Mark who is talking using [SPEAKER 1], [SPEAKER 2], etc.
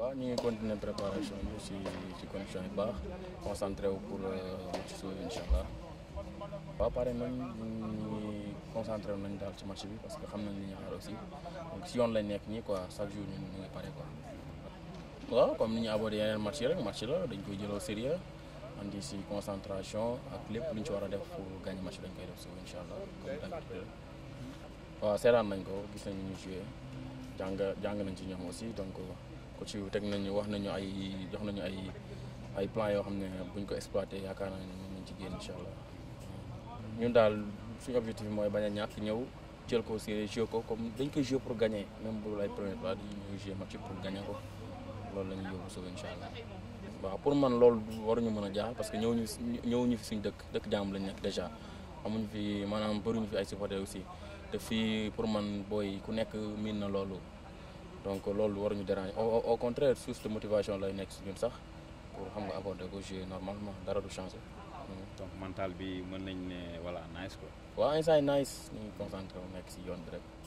[SPEAKER 1] waaw ñu ngi si si condition yu baax concentré wu pour euh, allah waaw pare même ñu concentré nañ daal ci match bi parce que xam nañ li ñu xaar aussi donc si yoon lañ nekk nii quoi chaque jour ñun ñu ngi pare quoi. waaw comme ni si concentration ak lépp lu ñu ci war a def allah comme d'habitude waaw seetaan nañ ko gis nañ ñu aussi donc. coach yi teg nañu wax nañu ay jox nañu ay ay plan yoo xam ne buñ ko exploité yaakaar naa ne mën nañ ci génn incha allah ñun daal suñu objectif mooy bañ a ñàkk ñëw jël ko aussi joué ko comme dañ koy joué pour gagner même bu lay premier plat pour gagner ko loolu la ñuy yóbbu soo incha waaw pour man loolu waruñu mën a jaaxal parce que ñëw ñu ñëw ñu fi suñu dëkk dëkk jàmm lañ nekk déjà amuñ fi maanaam bëruñu fi ay supporters aussi te fii pour man booy ku nekk miin na loolu donc loolu war ñu déranger au contraire source de motivation lay nekk si ñun sax pour xam nga accorder ko jouer normalement dara du changer.
[SPEAKER 2] Hmm. donc mental bi mën nañ ne voilà nice quoi. waaw instant nice ñu ngi concentré nekk si yoon bi rek.